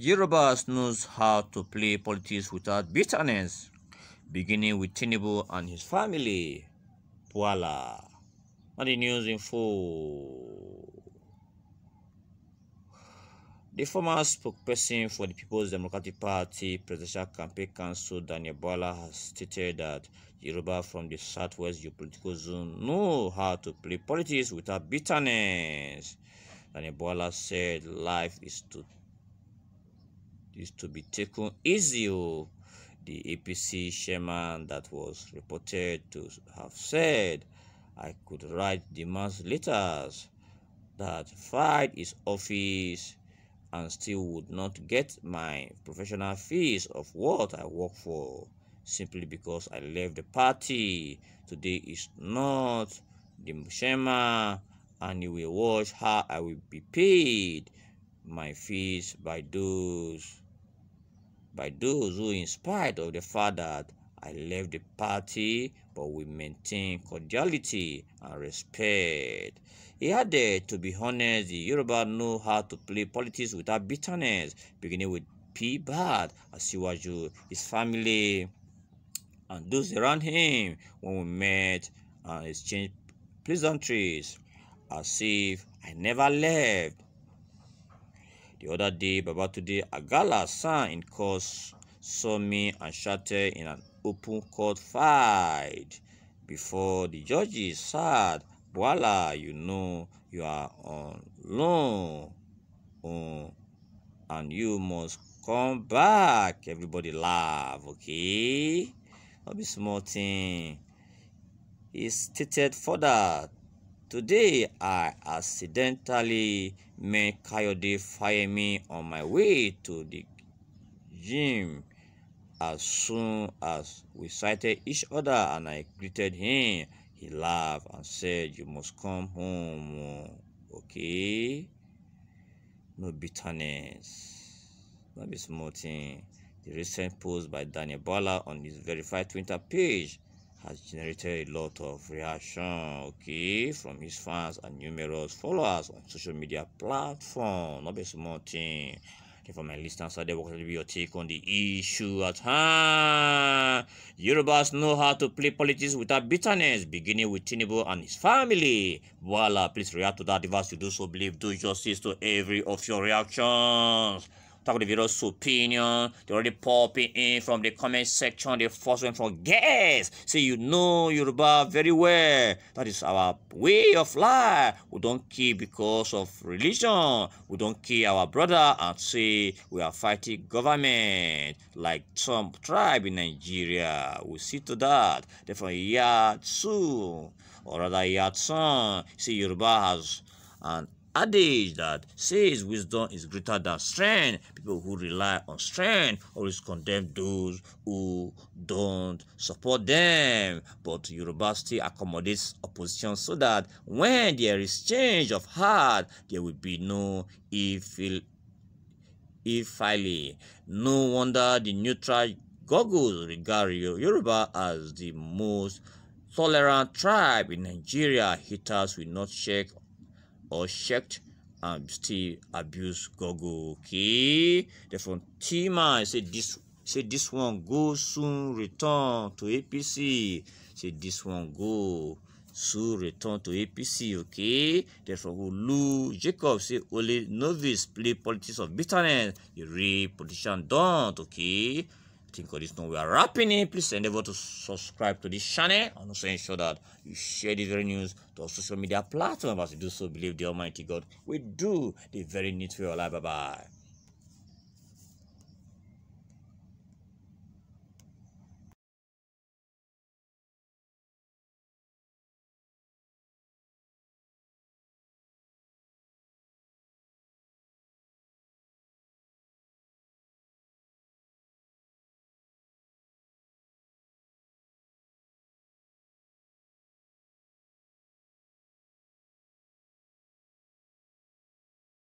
Yorubas knows how to play politics without bitterness, beginning with Tinubu and his family. Voila. And the news in full. The former spokesperson for the People's Democratic Party Presidential Campaign Council, Daniel Bola, has stated that Yoruba from the Southwest Geopolitical Zone know how to play politics without bitterness. Daniel Bola said life is to is to be taken easy. Oh. The APC chairman that was reported to have said, I could write demands letters that fired his office and still would not get my professional fees of what I work for simply because I left the party. Today is not the chairman, and you will watch how I will be paid my feet by those by those who in spite of the fact that I left the party but we maintain cordiality and respect. He added, to be honest, the Yoruba know how to play politics without bitterness, beginning with P. Bad, Asiwaju, his family, and those around him when we met and exchanged pleasantries, as if I never left The other day, Babatunde Agala sang in saw me and shouted in an open court fight before the judges said, Bola, you know you are on loan oh, um, and you must come back. Everybody laugh, okay? Not be small thing. He stated further Today, I accidentally met Coyote fire me on my way to the gym. As soon as we sighted each other and I greeted him, he laughed and said, You must come home, oh, okay? No bitterness, Maybe small thing. The recent post by Daniel Bala on his verified Twitter page has generated a lot of reaction, okay, from his fans and numerous followers on social media platform. Not be small thing. Okay, for my listeners out there, what will be your take on the issue at hand? Yorubas know how to play politics without bitterness, beginning with Tinubu and his family. Voila, please react to that. If you do so, believe, do justice to every of your reactions. Talk the video's opinion. They already popping in from the comment section. The first one from guests. See, you know Yoruba very well. That is our way of life. We don't kill because of religion. We don't kill our brother and say we are fighting government like some tribe in Nigeria. We see to that. They're from Yatsu or rather Yatsun. See, Yoruba has an adage that says wisdom is greater than strength. People who rely on strength always condemn those who don't support them. But university accommodates opposition so that when there is change of heart, there will be no evil. Ifali. No wonder the neutral goggles regard Yoruba as the most tolerant tribe in Nigeria. Haters will not shake or checked and um, still abuse Google. Okay, the Fatima said this say this one go soon return to APC. Say this one go soon return to APC. Okay, therefore Olu Jacob say only novice play politics of bitterness. The read politician don't. Okay. think of this now we are wrapping it please endeavor to subscribe to this channel and also ensure that you share this very news to our social media platform as you do so believe the almighty god we do the very need for your life bye bye